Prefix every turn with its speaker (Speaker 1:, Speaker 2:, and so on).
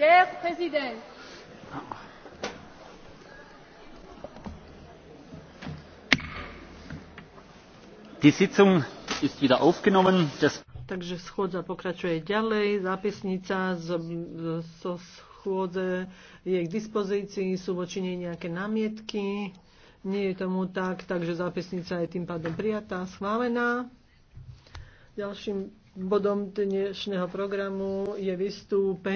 Speaker 1: Der Präsident.
Speaker 2: Die Sitzung ist wieder aufgenommen. Das
Speaker 3: Takže schôdza pokračuje ďalej. Zápisnica zo, schôdze je k dispozícii. Sú voči nej nejaké námietky? Nie je tomu tak, takže zápisnica je tým pádom prijatá, schválená. Ďalším bodom dnešného
Speaker 4: programu je vystúpenie.